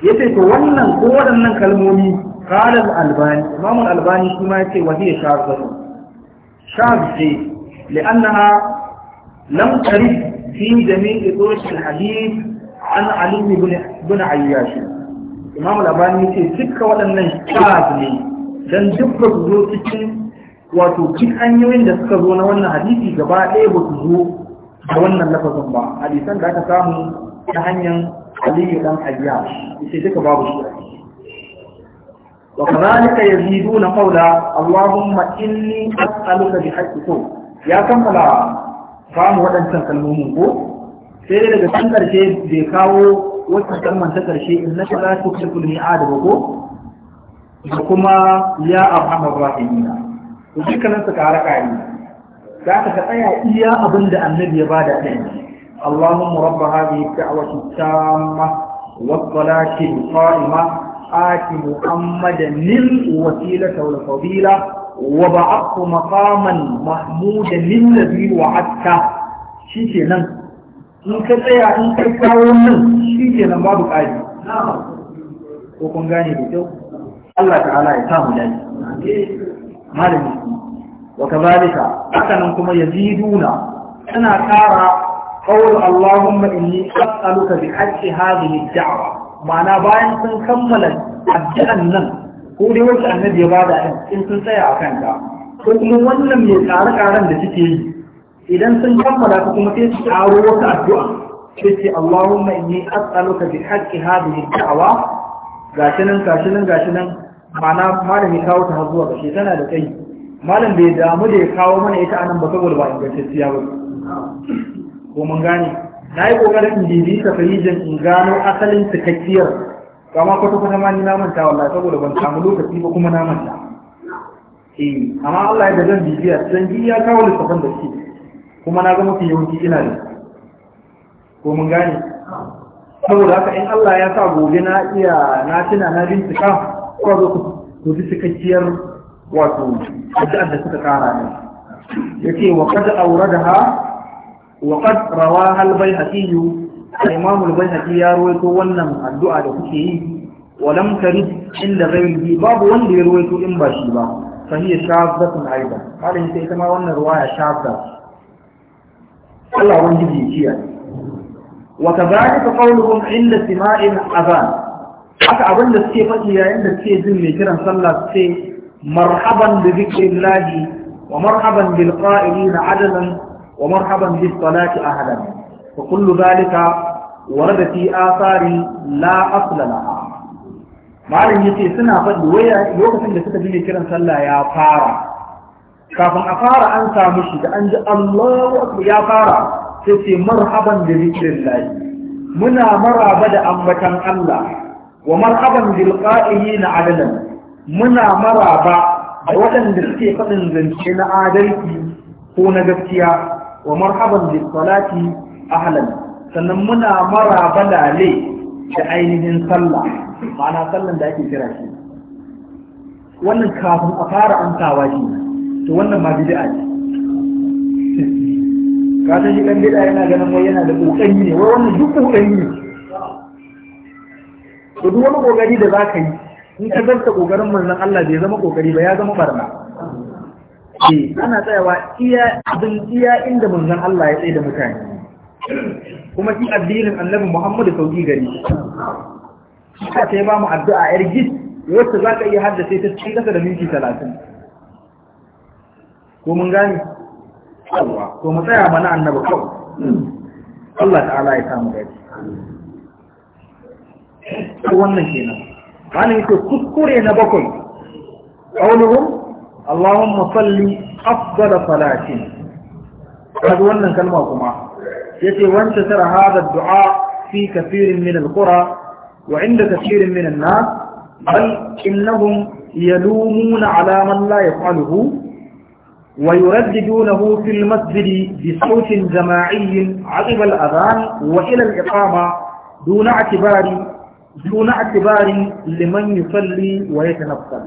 yace to wannan ko waɗannan kalmomi qala al-albani imam al-albani shi ma yace wahiya shazatu shazati li'annaha lam tarif fi jami'i turuq al-hadith an ali ibn ibn ayyash imam al-albani yace dukkan waɗannan shaz ne dan duk ba su zo cikin wato cikin hanyoyin da suka zo na wannan hadisi gaba ɗaya ba su zo da wannan lafazin ba hadisan da aka samu ta hanyar aliyu dan abiya sai duka babu shi وكذلك يزيدون قولا اللهم إني أسألك بحق ya kammala samu waɗancan kalmomin ko sai dai daga can ƙarshe bai kawo wata kalman ta ƙarshe in na kira su ta ko da kuma ya arhamar rahimina to dukkanin su ƙara ƙari za ka tsaya iya abin da annabi ya bada ɗaya اللهم رب هذه الدعوة التامة والصلاة القائمة آت محمدا الوسيلة والفضيلة وبعثه مقاما محمودا للذي وعدته شيكي in ka tsaya in ka kawo nan shi ke nan babu ƙari ko kun gane da kyau Allah ta'ala ya samu daji malami kuma yaziduna suna قول اللهم إني أسألك بحق هذه الدعوة معنى باين سن كمل الجنة قولي وش النبي يبادع إن سن سيع كانت كل من لم يتعرق على النتيجة إذا سن كمل فكما تتعارو وتأدعى تتي اللهم إني أسألك بحق هذه الدعوة gashinan gashinan gashinan ma'ana malami kawo ta zuwa gashi tana da kai malam bai damu da ya kawo mana ita anan ba saboda ba ingantacciya ba ko mun gane na yi ƙoƙarin in bibita ta in gano asalin cikakkiyar kama kwata kwata ma ni na manta wallahi saboda ban samu lokaci ba kuma na manta eh amma Allah ya zan bibiya san ji ya kawo lissafin da shi kuma na ga mafi yawanci ina da ko mun gane saboda haka in Allah ya sa gobe na iya na tuna na bincika ko zo ku ji cikakkiyar wato addu'ar da suka kara ne yace wa qad awradaha وقد رواها البيهقي الإمام البيهقي يروي wannan addu'a da kuke yi ولم ترد عند غيره باب wanda ya ruwaito in ba shi ba فهي شاذة أيضا قال إن سيتما وأن الرواية شاذة الله ونجي جيا وكذلك قولهم عند سماع الأذان haka abin da suke faɗi yayin da suke jin mai kiran sallah suke marhaban da zikirin wa marhaban bil qa'ilina adalan a بالصلاة أهلا فكل ذلك ورد في آثار لا أصل لها malam ya ce suna faɗi waya lokacin da suka ji kiran sallah ya fara kafin a fara an samu shi da an ji ya fara sai ce marhaban da muna maraba da ambatan Allah wa marhaban bil na adalan muna maraba a waɗanda suke faɗin zance na adalci ko na gaskiya wa marhaban bi salati ahlan sannan muna maraba da da ainihin sallah ma'ana sallan da ake kira shi wannan kafin a fara amsawa shi to wannan ma bid'a ce ka san shi kan bid'a yana ganin wai yana da kokari ne wai wannan duk kokari ne to duk wani kokari da za ka yi in ka zarta kokarin manzon Allah bai zama kokari ba ya zama barna ana tsayawa iya abin iya inda manzan Allah ya tsaye da mutane kuma shi addinin annabi Muhammadu sauki gari shi ka ta ba mu addu'a yar gis wacce za ka iya haddace ta cikin kasa da minti talatin ko mun gane ko mu tsaya mana annabi kawai Allah ta'ala ya samu gari ko wannan kenan wani yake kuskure na bakwai qawluhum اللهم صل أفضل صلاة قد وانا كلمة كما يتي وانتشر هذا الدعاء في كثير من القرى وعند كثير من الناس بل إنهم يلومون على من لا يفعله ويرددونه في المسجد بصوت جماعي عقب الأذان وإلى الإقامة دون اعتبار دون اعتبار لمن يصلي ويتنفل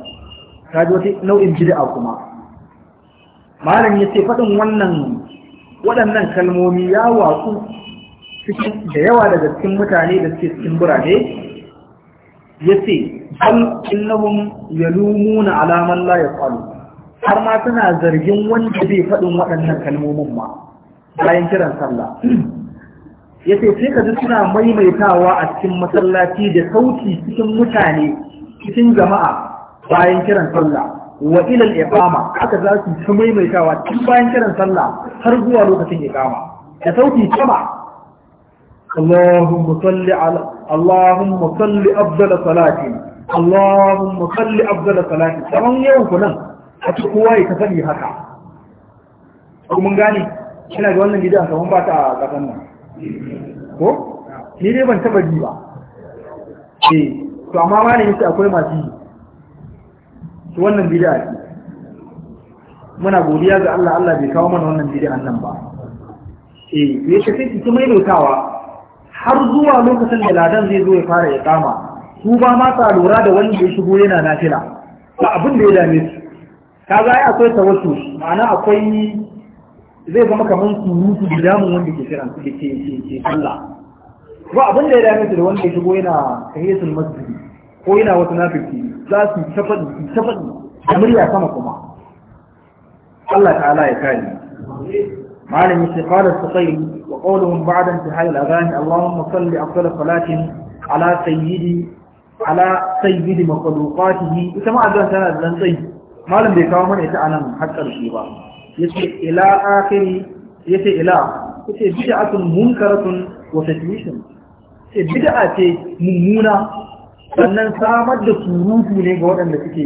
kaji wata nau'in a kuma malam ya ce faɗin wannan waɗannan kalmomi ya watsu cikin da yawa daga cikin mutane da suke cikin birane ya ce bal innahum yalumuna na alaman la yafalu har ma suna zargin wanda bai faɗin waɗannan kalmomin ma bayan kiran sallah ya ce sai ka ji suna maimaitawa a cikin masallaci da sauti cikin mutane cikin jama'a bayan kiran sallah wa ila al-iqama haka za su ta maimaitawa tun bayan kiran sallah har zuwa lokacin iqama da sauki sama اللهم صل على اللهم صل افضل صلاه اللهم صل افضل صلاه kaman yau kunan a cikin kowa ya fadi haka ko mun gane kina da wannan gidan kaman ba ta kasan nan ko ni dai ban taba ji ba eh to amma ne sai akwai masu yi to wannan bid'a ce muna godiya ga Allah Allah bai kawo mana wannan bid'an nan ba eh yake sai ki kuma lautawa har zuwa lokacin da ladan zai zo ya fara ya kama su ba ma ta lura da wanda ya shigo yana nafila ba abin da ya dame su kaga ai akwai tawassu ma'ana akwai zai zama kamar surutu da damun wanda ke kiran su ke ke Allah ba abin da ya dame su da wanda ya shigo yana tahiyatul masjid ko yana wata nafiki za su tafaɗi tafaɗi da murya sama kuma Allah ta'ala ya kare malam yace qala as-sayyid wa qawluhum ba'da intihai al-aghani Allahumma salli afdal salatin ala sayyidi ala sayyidi makhluqatihi ita ma azan tana da tsayi malam bai kawo mana ita anan har karshe ba yace ila akhiri yace ila yace bid'atun munkaratun wa tajwishun ce bid'a ce mummuna sannan samar da surutu ne ga waɗanda suke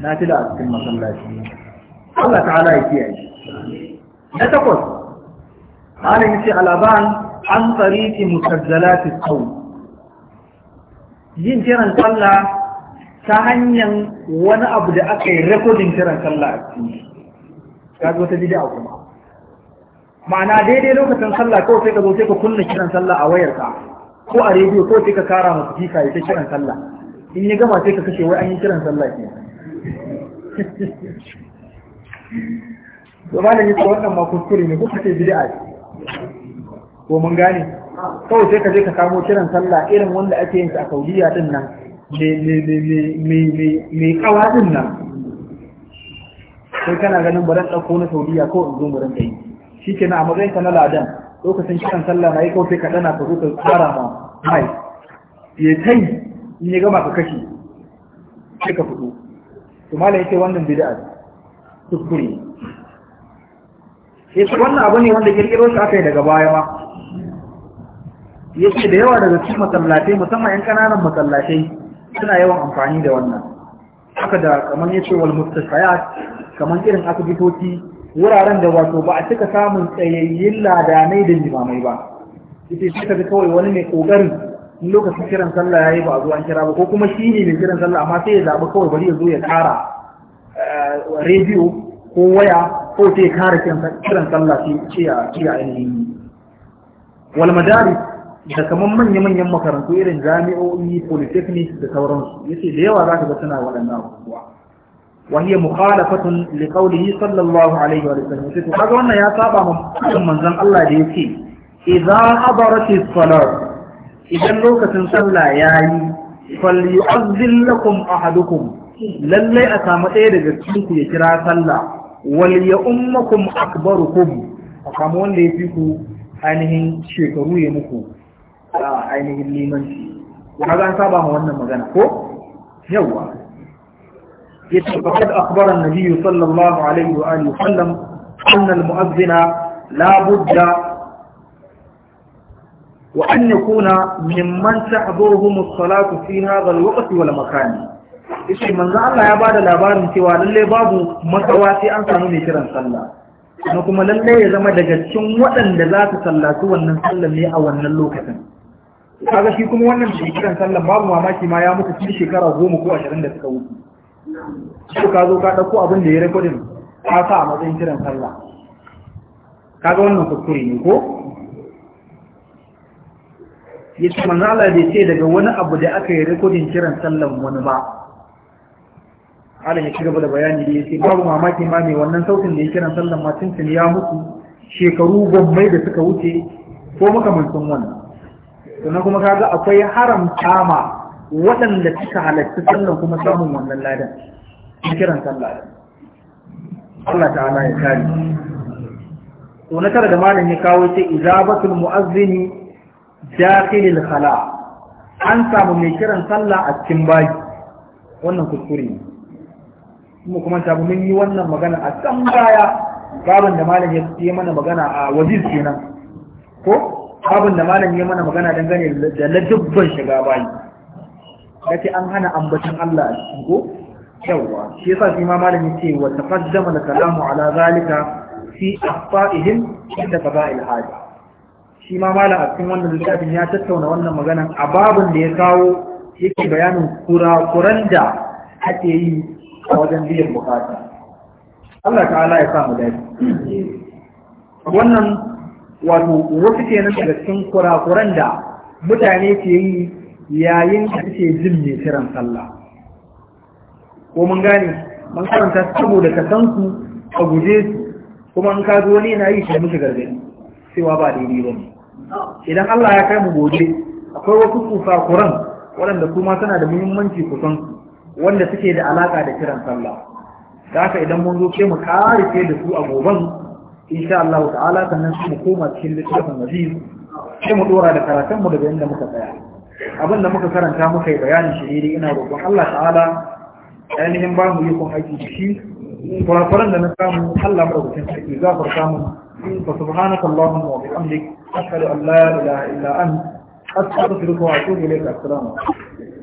na nafila a cikin masallaci Allah ta'ala ya kiyaye na takwas halin ce alaban an musajjala musajjalati sau yin kiran sallah ta hanyar wani abu da aka yi rekodin kiran sallah a cikin ta wata bid'a kuma ma'ana daidai lokacin sallah kawai sai ka zo sai ka kunna kiran sallah a wayarka ko a rediyo ko sai ka kara masa fika ya ta kiran sallah in ya gama sai ka kashe wai an yi kiran sallah ke to ba da ni wannan ma kuskure ne ko ka ce ko mun gane kawai sai ka je ka kamo kiran sallah irin wanda ake yin a Saudiya din nan mai kawa din nan sai kana ganin baran ɗauko na Saudiya ko in zo baran rinka Shi ke na a matsayin ka na ladan lokacin kiran sallah na yi kawai ka dana ka zo ka tsara ma mai ya kai in ya gama ka kashe sai ka fito to malam yake wannan bid'a ya ce wannan abu ne wanda kirkiro shi aka yi daga baya ma ce da yawa daga cikin masallatai musamman yan kananan masallatai suna yawan amfani da wannan haka da kamar ce wal mustashayat kamar irin asibitoci wuraren da wato ba a cika samun tsayayyen ladanai da limamai ba ita shi ka kawai wani mai kokari lokacin kiran sallah ya yi ba a zo an kira ba ko kuma shi ne mai kiran sallah amma sai ya zaɓi kawai bari ya zo ya kara eh, rediyo ko waya ko sai ya kara kiran sallah sai ya ce a ainihin wal da kamar manya-manyan makarantu irin jami'o'i polytechnics da sauransu yace da yawa za ka ga suna waɗannan abubuwa وهي مخالفة لقوله صلى الله عليه وسلم هذا وانا يا صابا من زن الله ديكي إذا حضرت الصلاة إذا لوكة صلى ياي فليؤذن لكم أحدكم للي أسامة إيرجا تشوكو يكرا صلى وليؤمكم أكبركم أقامون ليفيكو ainihin shekaru ya muku a ainihin limanci. Kaga an saba ma wannan magana ko? Yawwa, يتي فقد أخبر النبي صلى الله عليه وآله وسلم أن المؤذن لا بد وأن يكون ممن تحضرهم الصلاة في هذا الوقت والمكان ishe manzo Allah ya bada labarin cewa lalle babu matsawa sai an samu mai kiran sallah kuma kuma lalle ya zama daga cikin waɗanda za su sallaci wannan sallar ne a wannan lokacin kaga shi kuma wannan shi kiran sallah babu mamaki ma ya mutu cikin shekara goma ko ashirin da suka wuce ko ka zo ka ɗauko abin da ya rekodin ka sa a matsayin kiran sallah kaga wannan kuskure ne ko ya ce manzala ya ce daga wani abu da aka yi rikodin kiran sallan wani ba Allah ya ci gaba da bayani da ya ce babu mamaki ma mai wannan sautin da ya kiran sallan ma tuntun ya mutu shekaru gwamnati da suka wuce ko makamantan wannan sannan kuma kaga akwai haramta ma waɗanda suka halarci sannan kuma samun wannan ladan na kiran sallah Allah ta'ala ya kare to na tara da malam ya kawo ce izabatul mu'azzini dakhilil khala an samu mai kiran sallah a cikin bayi wannan kuskure ne kuma kuma samu mun yi wannan magana a san baya babin da malam ya yi mana magana a wajiz kenan ko babin da malam ya mana magana dangane da ladabban shiga bayi ta an hana ambaton Allah a cikin ko yawa shi yasa shi ma malami ce wa taqaddama da kalamu ala zalika fi afa'ihim inda qaba'il hadi shi ma malam a cikin wannan littafin ya tattauna wannan magana a babun da ya kawo yake bayanin kurakuran da ake yi a wajen biyan bukata Allah ta'ala ya samu dafi wannan wato wasu kenan daga cikin kurakuran da mutane ke yi yayin da kake jin mai kiran sallah ko mun gane mun karanta saboda ka san su ka guje su kuma in ka zo ne yana yi shi musu gargadi cewa ba daidai ba ne idan Allah ya kai mu gobe akwai wasu kuran, waɗanda kuma suna da muhimmanci kusan wanda suke da alaka da kiran sallah da haka idan mun zo ke mu kare da su a goban insha Allah ta'ala sannan su mu koma cikin littafin aziz sai mu dora da karatunmu daga inda muka tsaya abinda muka karanta muka yi bayanin shi ina roƙon Allah ta'ala ainihin ba mu yi kun aiki da shi kurakuran da na samu Allah madaukakin sarki gafarta mu fa subhanaka allahumma wa bihamdik ashhadu Allah la ilaha illa anta astaghfiruka wa atubu ilayka assalamu alaikum